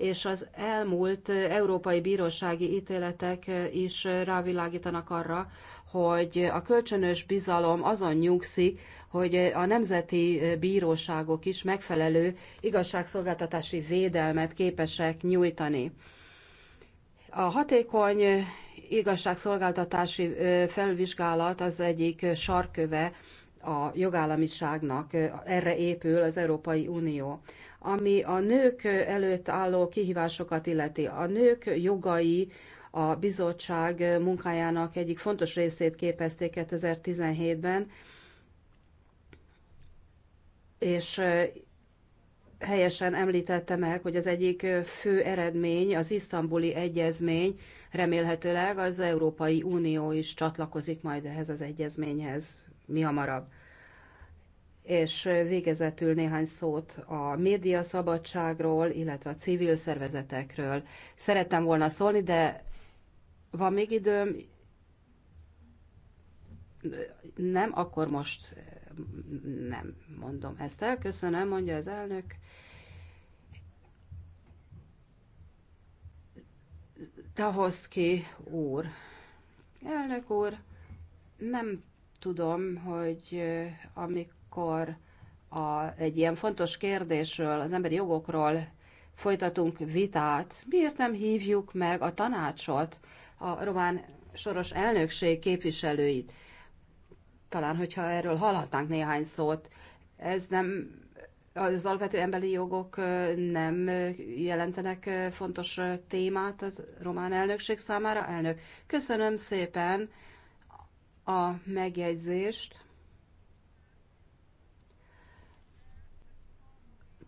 és az elmúlt európai bírósági ítéletek is rávilágítanak arra, hogy a kölcsönös bizalom azon nyugszik, hogy a nemzeti bíróságok is megfelelő igazságszolgáltatási védelmet képesek nyújtani. A hatékony igazságszolgáltatási felvizsgálat az egyik sarköve a jogállamiságnak, erre épül az Európai Unió ami a nők előtt álló kihívásokat illeti. A nők jogai a bizottság munkájának egyik fontos részét képezték 2017-ben, és helyesen említette meg, hogy az egyik fő eredmény az isztambuli egyezmény, remélhetőleg az Európai Unió is csatlakozik majd ehhez az egyezményhez mi hamarabb és végezetül néhány szót a média szabadságról, illetve a civil szervezetekről. Szerettem volna szólni, de van még időm? Nem, akkor most eh, nem mondom ezt el. Köszönöm, mondja az elnök. Tahoszki úr. Elnök úr, nem tudom, hogy eh, amikor akkor a, egy ilyen fontos kérdésről, az emberi jogokról folytatunk vitát, miért nem hívjuk meg a tanácsot, a román soros elnökség képviselőit? Talán, hogyha erről hallhatnánk néhány szót, ez nem, az alapvető emberi jogok nem jelentenek fontos témát az román elnökség számára? Elnök, köszönöm szépen a megjegyzést.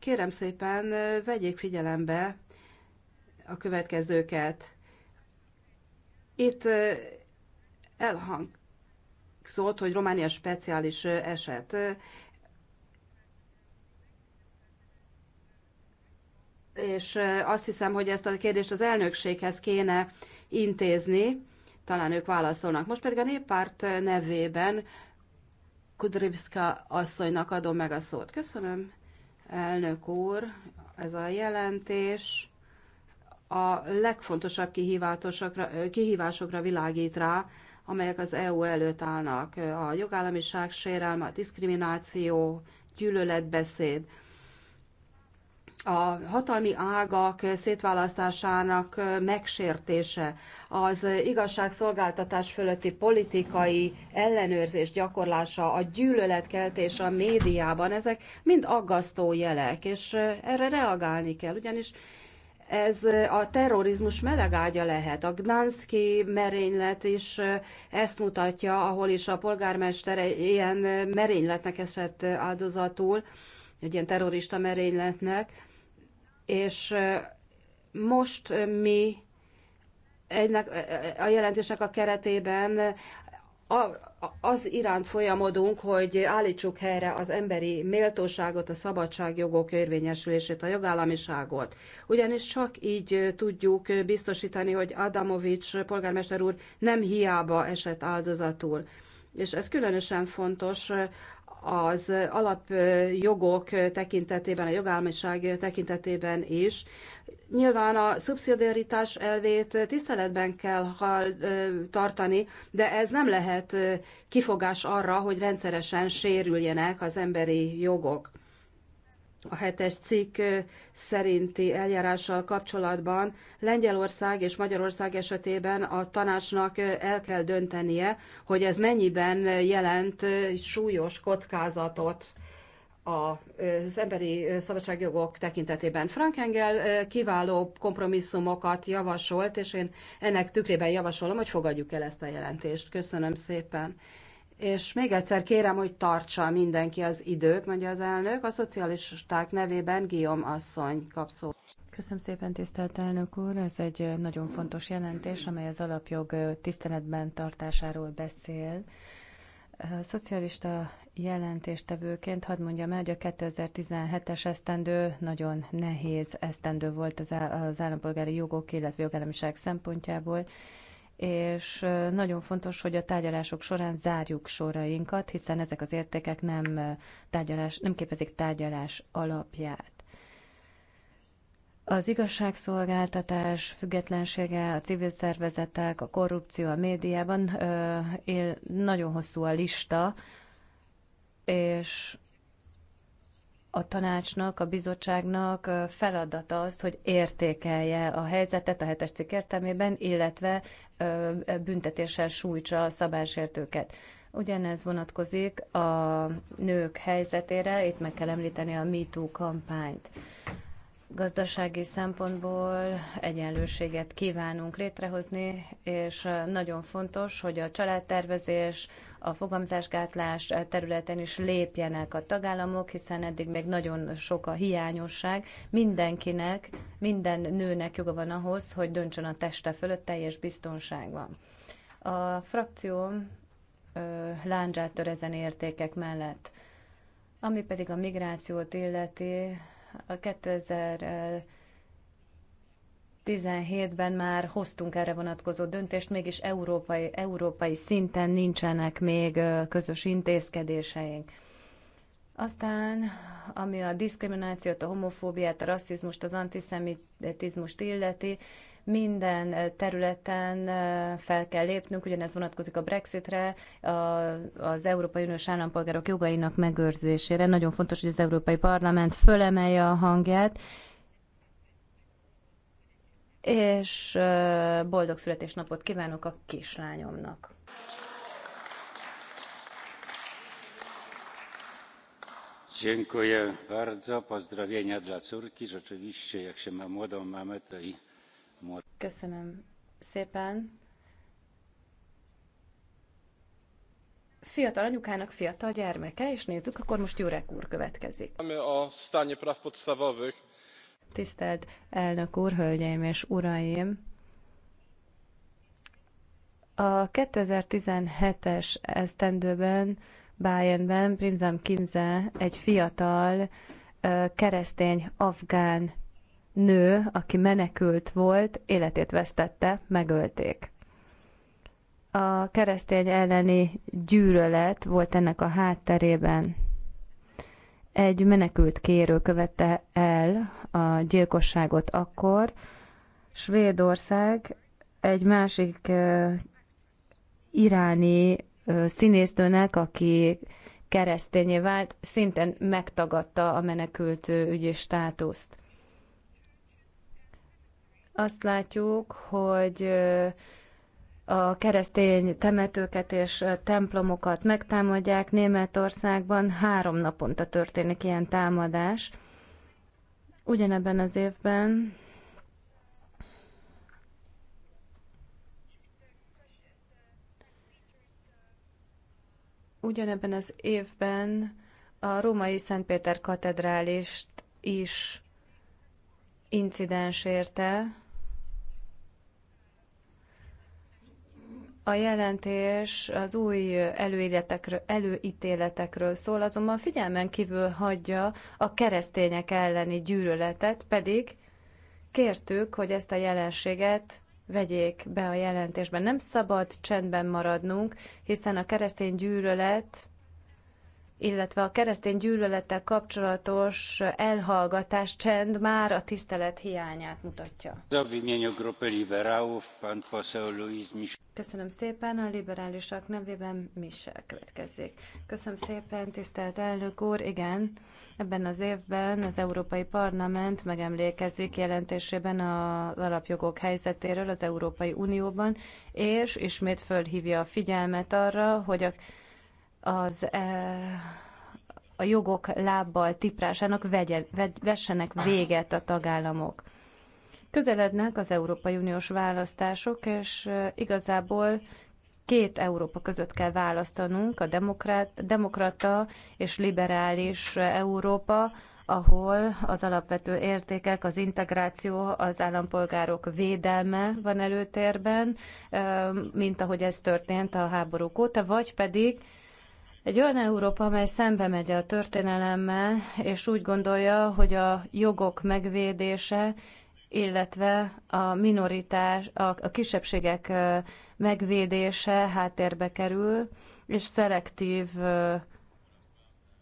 Kérem szépen, vegyék figyelembe a következőket. Itt elhangzott, hogy Románia speciális eset. És azt hiszem, hogy ezt a kérdést az elnökséghez kéne intézni, talán ők válaszolnak. Most pedig a néppárt nevében Kudrivska asszonynak adom meg a szót. Köszönöm, elnök úr, ez a jelentés a legfontosabb kihívásokra világít rá, amelyek az EU előtt állnak. A jogállamiság sérelme, a diszkrimináció, gyűlöletbeszéd, a hatalmi ágak szétválasztásának megsértése, az igazságszolgáltatás fölötti politikai ellenőrzés gyakorlása, a gyűlöletkeltés a médiában, ezek mind aggasztó jelek, és erre reagálni kell, ugyanis ez a terrorizmus melegágya lehet. A Gdanszki merénylet is ezt mutatja, ahol is a polgármester ilyen merényletnek esett áldozatul, egy ilyen terrorista merényletnek és most mi ennek a jelentésnek a keretében az iránt folyamodunk, hogy állítsuk helyre az emberi méltóságot, a szabadságjogok érvényesülését, a jogállamiságot. Ugyanis csak így tudjuk biztosítani, hogy Adamovics polgármester úr nem hiába esett áldozatul. És ez különösen fontos az alapjogok tekintetében, a jogállamiság tekintetében is. Nyilván a szubszidiaritás elvét tiszteletben kell tartani, de ez nem lehet kifogás arra, hogy rendszeresen sérüljenek az emberi jogok a hetes cikk szerinti eljárással kapcsolatban Lengyelország és Magyarország esetében a tanácsnak el kell döntenie, hogy ez mennyiben jelent súlyos kockázatot az emberi szabadságjogok tekintetében. Frank Engel kiváló kompromisszumokat javasolt, és én ennek tükrében javasolom, hogy fogadjuk el ezt a jelentést. Köszönöm szépen. És még egyszer kérem, hogy tartsa mindenki az időt, mondja az elnök. A szocialisták nevében Guillaume asszony kap szót. Köszönöm szépen, tisztelt elnök úr. Ez egy nagyon fontos jelentés, amely az alapjog tiszteletben tartásáról beszél. Szocialista jelentéstevőként hadd mondjam el, hogy a 2017-es esztendő nagyon nehéz esztendő volt az, áll az állampolgári jogok, illetve jogállamiság szempontjából, és nagyon fontos, hogy a tárgyalások során zárjuk sorainkat, hiszen ezek az értékek nem, tárgyalás, nem képezik tárgyalás alapját. Az igazságszolgáltatás függetlensége, a civil szervezetek, a korrupció a médiában, él, nagyon hosszú a lista, és a tanácsnak, a bizottságnak feladata az, hogy értékelje a helyzetet a hetes cikk értelmében, illetve e, büntetéssel sújtsa a szabálysértőket. Ugyanez vonatkozik a nők helyzetére, itt meg kell említeni a MeToo kampányt. Gazdasági szempontból egyenlőséget kívánunk létrehozni, és nagyon fontos, hogy a családtervezés, a fogamzásgátlás területen is lépjenek a tagállamok, hiszen eddig még nagyon sok a hiányosság. Mindenkinek, minden nőnek joga van ahhoz, hogy döntsön a teste fölött teljes biztonságban. A frakcióm láncsát tör ezen értékek mellett. Ami pedig a migrációt illeti, a 2017 ben már hoztunk erre vonatkozó döntést, mégis európai, európai szinten nincsenek még közös intézkedéseink. Aztán, ami a diszkriminációt, a homofóbiát, a rasszizmust, az antiszemitizmust illeti, minden területen fel kell lépnünk, ugyanez vonatkozik a Brexitre, az Európai Uniós állampolgárok jogainak megőrzésére. Nagyon fontos, hogy az Európai Parlament fölemelje a hangját, és boldog születésnapot kívánok a kislányomnak. dziękuję bardzo pozdrowienia dla córki rzeczywiście jak się ma młodą mamę to i Köszönöm szépen. Fiatal anyukának fiatal gyermeke, és nézzük, akkor most Jurek úr következik. A stányi praw podstavavők. Tisztelt elnök úr, hölgyeim és uraim! A 2017-es esztendőben Bájenben Primzam Kinze egy fiatal keresztény afgán nő, aki menekült volt, életét vesztette, megölték. A keresztény elleni gyűlölet volt ennek a hátterében. Egy menekült kérő követte el a gyilkosságot akkor. Svédország egy másik uh, iráni uh, színésztőnek, aki keresztényé vált, szintén megtagadta a menekült ügyi státuszt. Azt látjuk, hogy a keresztény temetőket és templomokat megtámadják. Németországban három naponta történik ilyen támadás. Ugyanebben az évben ugyanebben az évben a római Szentpéter katedrálist is incidens érte, A jelentés az új előítéletekről, előítéletekről szól, azonban figyelmen kívül hagyja a keresztények elleni gyűlöletet, pedig kértük, hogy ezt a jelenséget vegyék be a jelentésben. Nem szabad csendben maradnunk, hiszen a keresztény gyűlölet illetve a keresztény gyűlölettel kapcsolatos elhallgatás, csend már a tisztelet hiányát mutatja. Köszönöm szépen, a liberálisak nevében Michel következik. Köszönöm szépen, tisztelt elnök úr, igen, ebben az évben az Európai Parlament megemlékezik jelentésében az alapjogok helyzetéről az Európai Unióban, és ismét fölhívja a figyelmet arra, hogy a az eh, a jogok lábbal tiprásának vegye, vessenek véget a tagállamok. Közelednek az Európai Uniós választások, és eh, igazából két Európa között kell választanunk, a demokrát, demokrata és liberális eh, Európa, ahol az alapvető értékek, az integráció, az állampolgárok védelme van előtérben, mint ahogy ez történt a háborúk óta, vagy pedig egy olyan Európa, amely szembe megy a történelemmel, és úgy gondolja, hogy a jogok megvédése, illetve a minoritás, a, a kisebbségek megvédése háttérbe kerül, és szelektív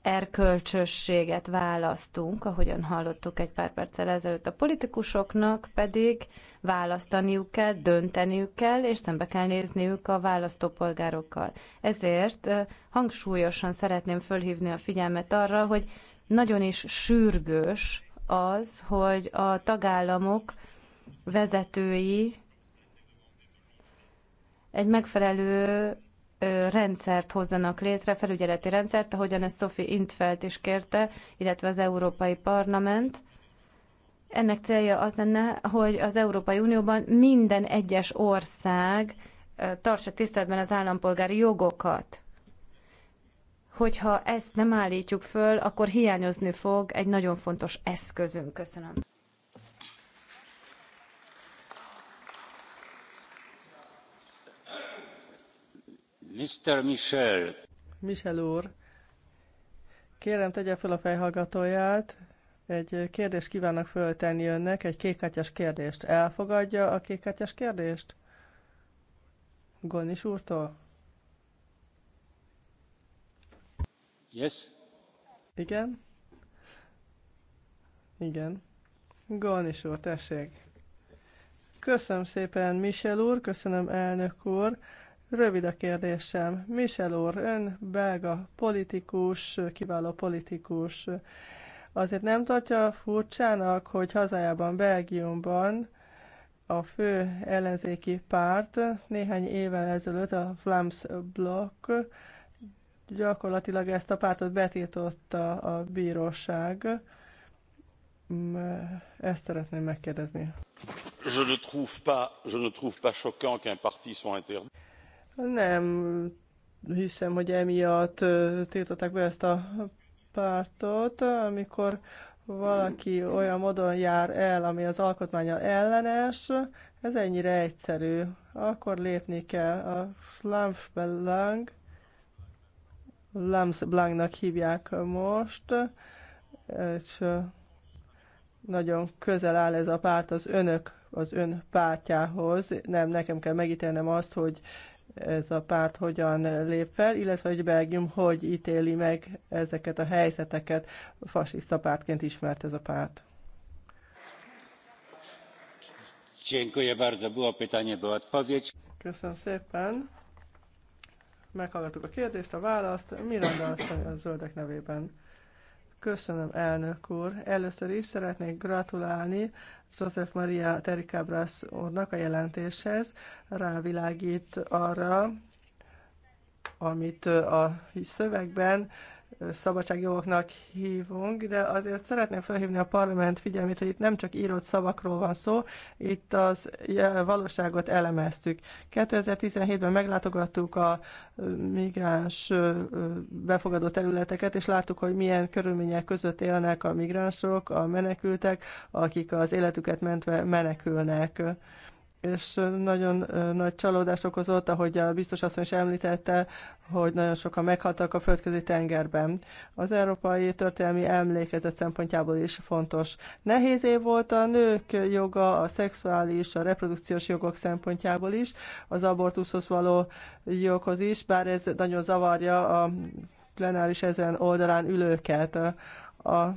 erkölcsösséget választunk, ahogyan hallottuk egy pár perccel ezelőtt. A politikusoknak pedig választaniuk kell, dönteniük kell, és szembe kell nézniük a választópolgárokkal. Ezért hangsúlyosan szeretném fölhívni a figyelmet arra, hogy nagyon is sürgős az, hogy a tagállamok vezetői egy megfelelő rendszert hozzanak létre, felügyeleti rendszert, ahogyan ezt Sophie Intfeld is kérte, illetve az Európai Parlament. Ennek célja az lenne, hogy az Európai Unióban minden egyes ország tartsa tiszteletben az állampolgári jogokat. Hogyha ezt nem állítjuk föl, akkor hiányozni fog egy nagyon fontos eszközünk. Köszönöm. Mr. Michel. Michel úr, kérem tegye fel a fejhallgatóját. Egy kérdést kívánok föltenni önnek, egy kékkártyás kérdést. Elfogadja a kékkártyás kérdést? Gonis úrtól? Yes. Igen? Igen. Gonis úr, tessék. Köszönöm szépen, Michel úr, köszönöm elnök úr. Rövid a kérdésem. Michel úr, ön belga politikus, kiváló politikus. Azért nem tartja furcsának, hogy hazájában, Belgiumban a fő ellenzéki párt néhány évvel ezelőtt a Flams Block gyakorlatilag ezt a pártot betiltotta a bíróság. Mm, ezt szeretném megkérdezni. Je ne trouve pas, je ne trouve pas choquant qu'un parti soit interdit. Nem hiszem, hogy emiatt tiltották be ezt a pártot, amikor valaki olyan módon jár el, ami az alkotmánya ellenes, ez ennyire egyszerű. Akkor lépni kell. A Slump Lamsblangnak hívják most, és nagyon közel áll ez a párt az önök, az ön pártjához. Nem, nekem kell megítélnem azt, hogy ez a párt hogyan lép fel, illetve hogy Belgium hogy ítéli meg ezeket a helyzeteket. Fasiszta pártként ismert ez a párt. Köszönöm szépen. Meghallgattuk a kérdést, a választ. Miranda asszony a zöldek nevében. Köszönöm, elnök úr. Először is szeretnék gratulálni Joseph Maria Terikábrász úrnak a jelentéshez. Rávilágít arra, amit a szövegben szabadságjogoknak hívunk, de azért szeretném felhívni a parlament figyelmét, hogy itt nem csak írott szavakról van szó, itt az valóságot elemeztük. 2017-ben meglátogattuk a migráns befogadó területeket, és láttuk, hogy milyen körülmények között élnek a migránsok, a menekültek, akik az életüket mentve menekülnek és nagyon nagy csalódást okozott, ahogy a biztos asszony is említette, hogy nagyon sokan meghaltak a földközi tengerben. Az európai történelmi emlékezet szempontjából is fontos. Nehéz év volt a nők joga, a szexuális, a reprodukciós jogok szempontjából is, az abortuszhoz való joghoz is, bár ez nagyon zavarja a plenáris ezen oldalán ülőket. A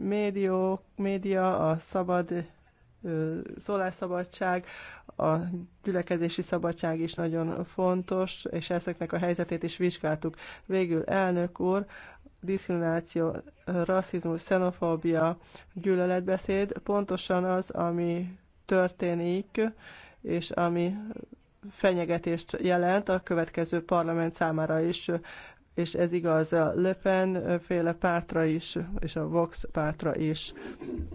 médiók, média, a szabad szólásszabadság, a gyülekezési szabadság is nagyon fontos, és ezeknek a helyzetét is vizsgáltuk. Végül elnök úr, diszkrimináció, rasszizmus, xenofóbia, gyűlöletbeszéd pontosan az, ami történik, és ami fenyegetést jelent a következő parlament számára is, és ez igaz a Le Pen féle pártra is, és a Vox pártra is.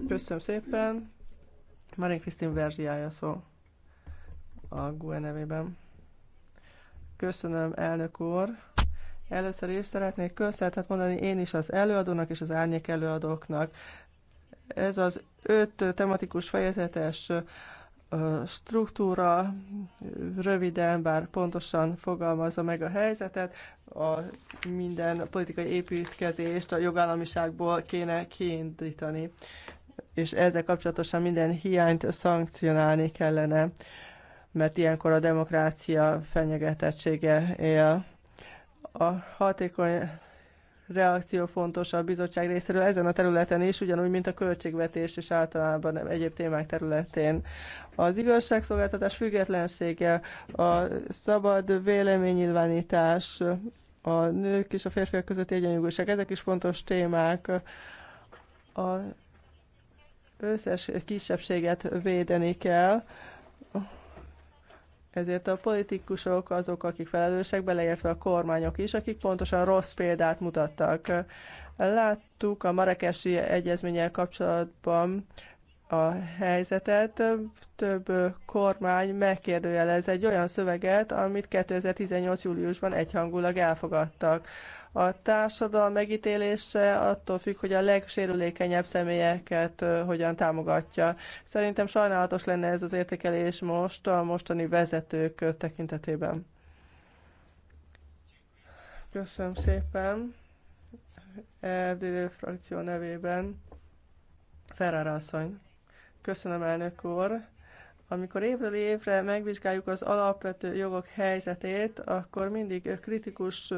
Köszönöm szépen! Marie Krisztin verziája szó a GUE nevében. Köszönöm, elnök úr! Először is szeretnék köszönetet mondani én is az előadónak és az árnyék előadóknak. Ez az öt tematikus fejezetes struktúra röviden, bár pontosan fogalmazza meg a helyzetet, a minden politikai építkezést a jogállamiságból kéne kiindítani és ezzel kapcsolatosan minden hiányt szankcionálni kellene, mert ilyenkor a demokrácia fenyegetettsége él. A hatékony reakció fontos a bizottság részéről ezen a területen is, ugyanúgy, mint a költségvetés és általában egyéb témák területén. Az igazságszolgáltatás függetlensége, a szabad véleménynyilvánítás, a nők és a férfiak közötti egyenjogúság, ezek is fontos témák. A összes kisebbséget védeni kell. Ezért a politikusok azok, akik felelősek, beleértve a kormányok is, akik pontosan rossz példát mutattak. Láttuk a marekesi egyezménnyel kapcsolatban a helyzetet. Több kormány megkérdőjelez egy olyan szöveget, amit 2018. júliusban egyhangulag elfogadtak. A társadalom megítélése attól függ, hogy a legsérülékenyebb személyeket hogyan támogatja. Szerintem sajnálatos lenne ez az értékelés most a mostani vezetők tekintetében. Köszönöm szépen. FDD frakció nevében Ferrara asszony. Köszönöm, elnök úr. Amikor évről évre megvizsgáljuk az alapvető jogok helyzetét, akkor mindig kritikus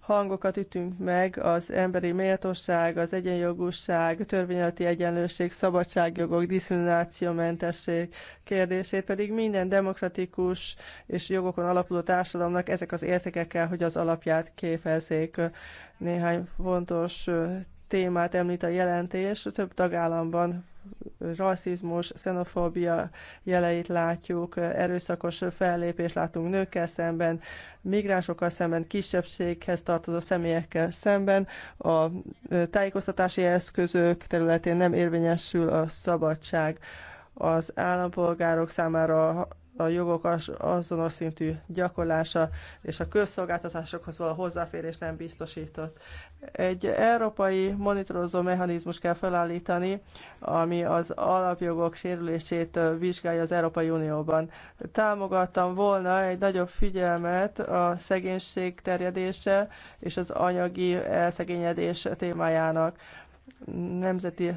hangokat ütünk meg az emberi méltóság, az egyenjogúság, törvényeleti egyenlőség, szabadságjogok, diszkriminációmentesség kérdését, pedig minden demokratikus és jogokon alapuló társadalomnak ezek az értékekkel, hogy az alapját képezzék. Néhány fontos témát említ a jelentés. Több tagállamban rasszizmus, xenofóbia jeleit látjuk, erőszakos fellépést látunk nőkkel szemben, migránsokkal szemben, kisebbséghez tartozó személyekkel szemben, a tájékoztatási eszközök területén nem érvényesül a szabadság. Az állampolgárok számára a jogok azonos szintű gyakorlása és a közszolgáltatásokhoz való hozzáférés nem biztosított. Egy európai monitorozó mechanizmus kell felállítani, ami az alapjogok sérülését vizsgálja az Európai Unióban. Támogattam volna egy nagyobb figyelmet a szegénység terjedése és az anyagi elszegényedés témájának nemzeti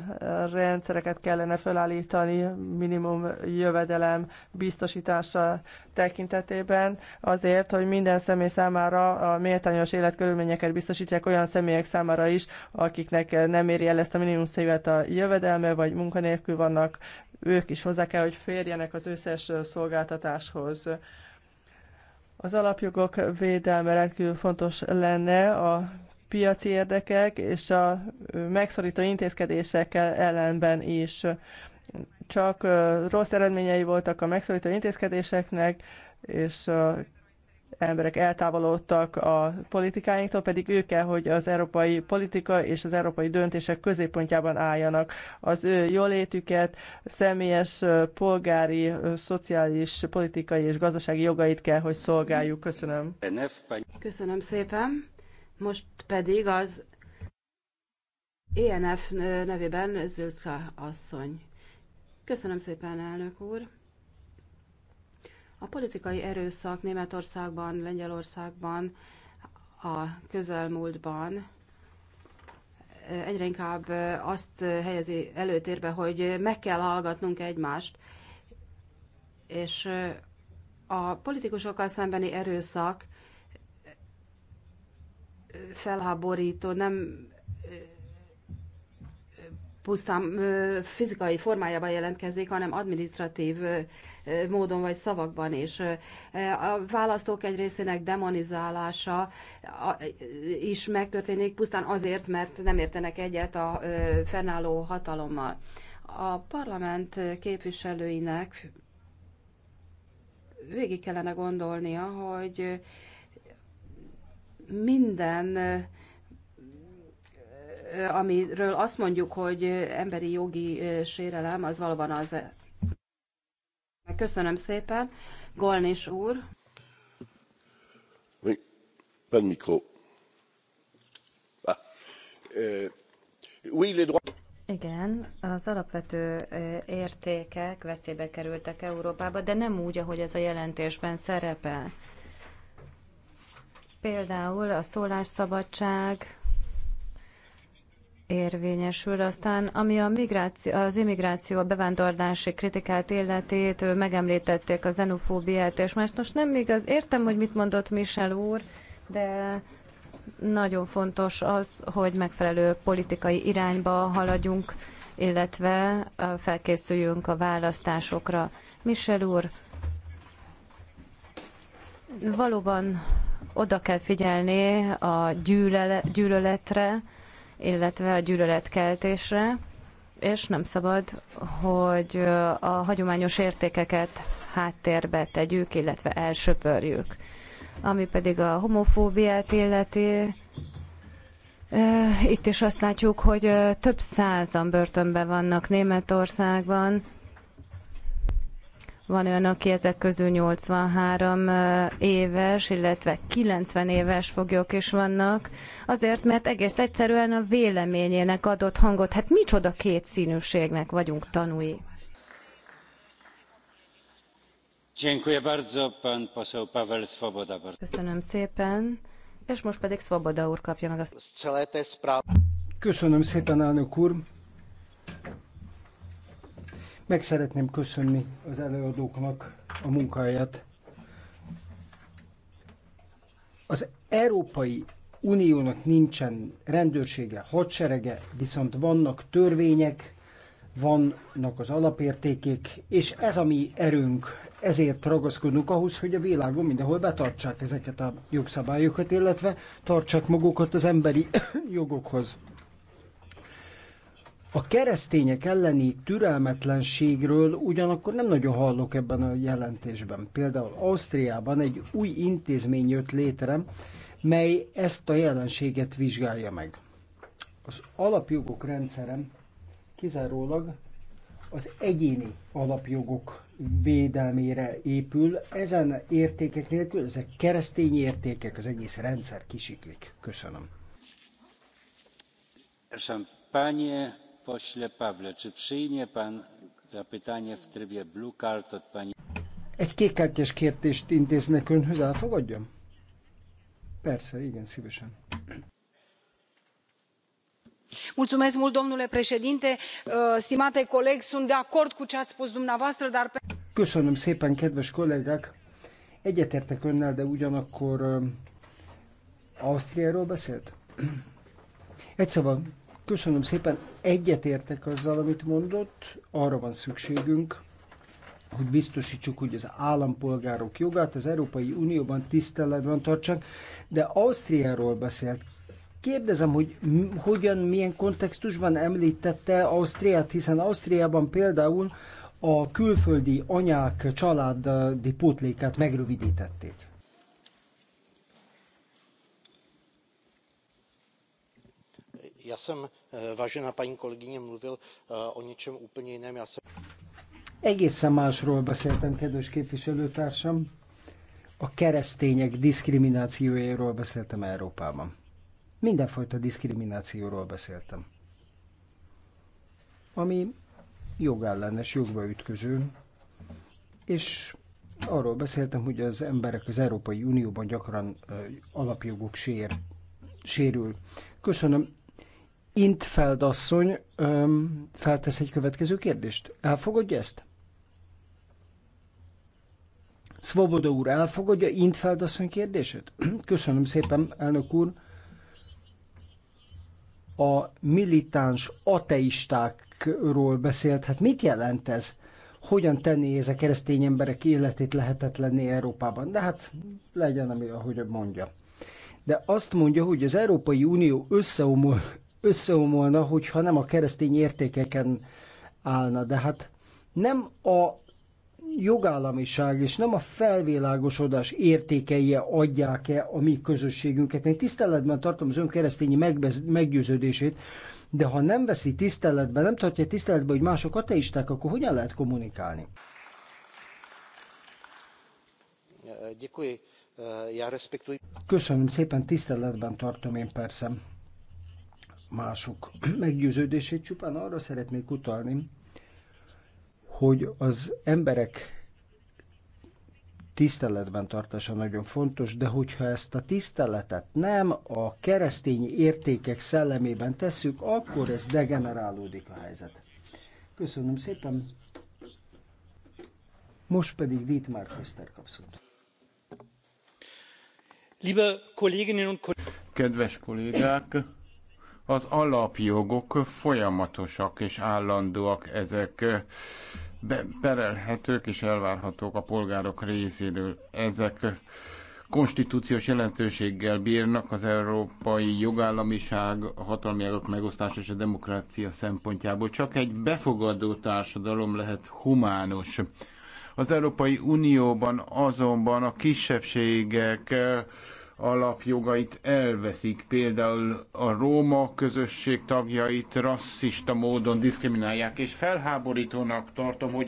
rendszereket kellene felállítani minimum jövedelem biztosítása tekintetében azért, hogy minden személy számára a méltányos életkörülményeket biztosítsák olyan személyek számára is, akiknek nem éri el ezt a minimum szívet a jövedelme, vagy munkanélkül vannak, ők is hozzá kell, hogy férjenek az összes szolgáltatáshoz. Az alapjogok védelme rendkívül fontos lenne a piaci érdekek és a megszorító intézkedésekkel ellenben is. Csak rossz eredményei voltak a megszorító intézkedéseknek, és emberek eltávolodtak a politikáinktól, pedig ők kell, hogy az európai politika és az európai döntések középpontjában álljanak. Az ő jólétüket, személyes, polgári, szociális, politikai és gazdasági jogait kell, hogy szolgáljuk. Köszönöm. Köszönöm szépen. Most pedig az ENF nevében Zülszka asszony. Köszönöm szépen, elnök úr! A politikai erőszak Németországban, Lengyelországban, a közelmúltban egyre inkább azt helyezi előtérbe, hogy meg kell hallgatnunk egymást, és a politikusokkal szembeni erőszak felháborító, nem pusztán fizikai formájában jelentkezik, hanem administratív módon vagy szavakban is. A választók egy részének demonizálása is megtörténik pusztán azért, mert nem értenek egyet a fennálló hatalommal. A parlament képviselőinek végig kellene gondolnia, hogy minden, eh, amiről azt mondjuk, hogy emberi jogi eh, sérelem, az valóban az. Köszönöm szépen. Golnis úr. Ah, eh, Igen, az alapvető értékek veszélybe kerültek Európába, de nem úgy, ahogy ez a jelentésben szerepel. Például a szólásszabadság érvényesül, aztán ami a migráció, az immigráció, a bevándorlási kritikát illetét, megemlítették a xenofóbiát és más. Most nem igaz, értem, hogy mit mondott Michel úr, de nagyon fontos az, hogy megfelelő politikai irányba haladjunk, illetve felkészüljünk a választásokra. Michel úr, valóban oda kell figyelni a gyűlöle, gyűlöletre, illetve a gyűlöletkeltésre, és nem szabad, hogy a hagyományos értékeket háttérbe tegyük, illetve elsöpörjük. Ami pedig a homofóbiát illeti, itt is azt látjuk, hogy több százan börtönben vannak Németországban, van olyan, aki ezek közül 83 éves, illetve 90 éves foglyok is vannak, azért, mert egész egyszerűen a véleményének adott hangot, hát micsoda két színűségnek vagyunk tanúi. Köszönöm szépen, és most pedig Svoboda úr kapja meg a Köszönöm szépen, elnök úr. Meg szeretném köszönni az előadóknak a munkáját. Az Európai Uniónak nincsen rendőrsége, hadserege, viszont vannak törvények, vannak az alapértékek, és ez a mi erőnk, ezért ragaszkodunk ahhoz, hogy a világon mindenhol betartsák ezeket a jogszabályokat, illetve tartsák magukat az emberi jogokhoz. A keresztények elleni türelmetlenségről ugyanakkor nem nagyon hallok ebben a jelentésben. Például Ausztriában egy új intézmény jött létre, mely ezt a jelenséget vizsgálja meg. Az alapjogok rendszerem kizárólag az egyéni alapjogok védelmére épül. Ezen értékek nélkül, ezek keresztény értékek, az egész rendszer kisiklik. Köszönöm. Köszönöm pośle Pawle, czy przyjmie pan zapytanie w trybie blue card od pani... Egy kékkártyás kérdést intéznek önhöz, elfogadjam? Persze, igen, szívesen. Mult, domnule președinte uh, stimate coleg sunt de acord cu ce ați spus dumneavoastră dar. köszönöm szépen kedves kollégák egyetértek önnel de ugyanakkor um, ausztriáról beszélt egy szóval Köszönöm szépen, egyetértek azzal, amit mondott, arra van szükségünk, hogy biztosítsuk, hogy az állampolgárok jogát az Európai Unióban tiszteletben tartsák, de Ausztriáról beszélt. Kérdezem, hogy hogyan, milyen kontextusban említette Ausztriát, hiszen Ausztriában például a külföldi anyák családi pótlékát megrövidítették. já jsem eh, vážená paní kolegyně mluvil eh, o něčem úplně jiném. Já jsem... Egészen másról beszéltem, kedves képviselőtársam. A keresztények diszkriminációjáról beszéltem Európában. Mindenfajta diszkriminációról beszéltem. Ami jogellenes, jogba ütköző, és arról beszéltem, hogy az emberek az Európai Unióban gyakran eh, alapjogok sér, sérül. Köszönöm Intfeld asszony öm, feltesz egy következő kérdést. Elfogadja ezt? Svoboda úr elfogadja Intfeld asszony kérdését? Köszönöm szépen, elnök úr. A militáns ateistákról beszélt. Hát mit jelent ez? Hogyan tenni ez a keresztény emberek életét lehetetlenné Európában? De hát legyen, ami ahogy mondja de azt mondja, hogy az Európai Unió összeomol, összeomolna, hogyha nem a keresztény értékeken állna. De hát nem a jogállamiság és nem a felvilágosodás értékei adják-e a mi közösségünket. Én tiszteletben tartom az ön keresztényi meggyőződését, de ha nem veszi tiszteletbe, nem tartja tiszteletbe, hogy mások ateisták, akkor hogyan lehet kommunikálni? Köszönöm szépen, tiszteletben tartom én persze mások meggyőződését, csupán arra szeretnék utalni, hogy az emberek tiszteletben tartása nagyon fontos, de hogyha ezt a tiszteletet nem a keresztény értékek szellemében tesszük, akkor ez degenerálódik a helyzet. Köszönöm szépen. Most pedig Dietmar Köszter kapszott. Liebe Kolleginnen und Kollegen! Kedves kollégák! Az alapjogok folyamatosak és állandóak, ezek perelhetők és elvárhatók a polgárok részéről. Ezek konstitúciós jelentőséggel bírnak az európai jogállamiság, a hatalmi jogok megosztása és a demokrácia szempontjából. Csak egy befogadó társadalom lehet humános. Az Európai Unióban azonban a kisebbségek alapjogait elveszik, például a róma közösség tagjait rasszista módon diszkriminálják, és felháborítónak tartom, hogy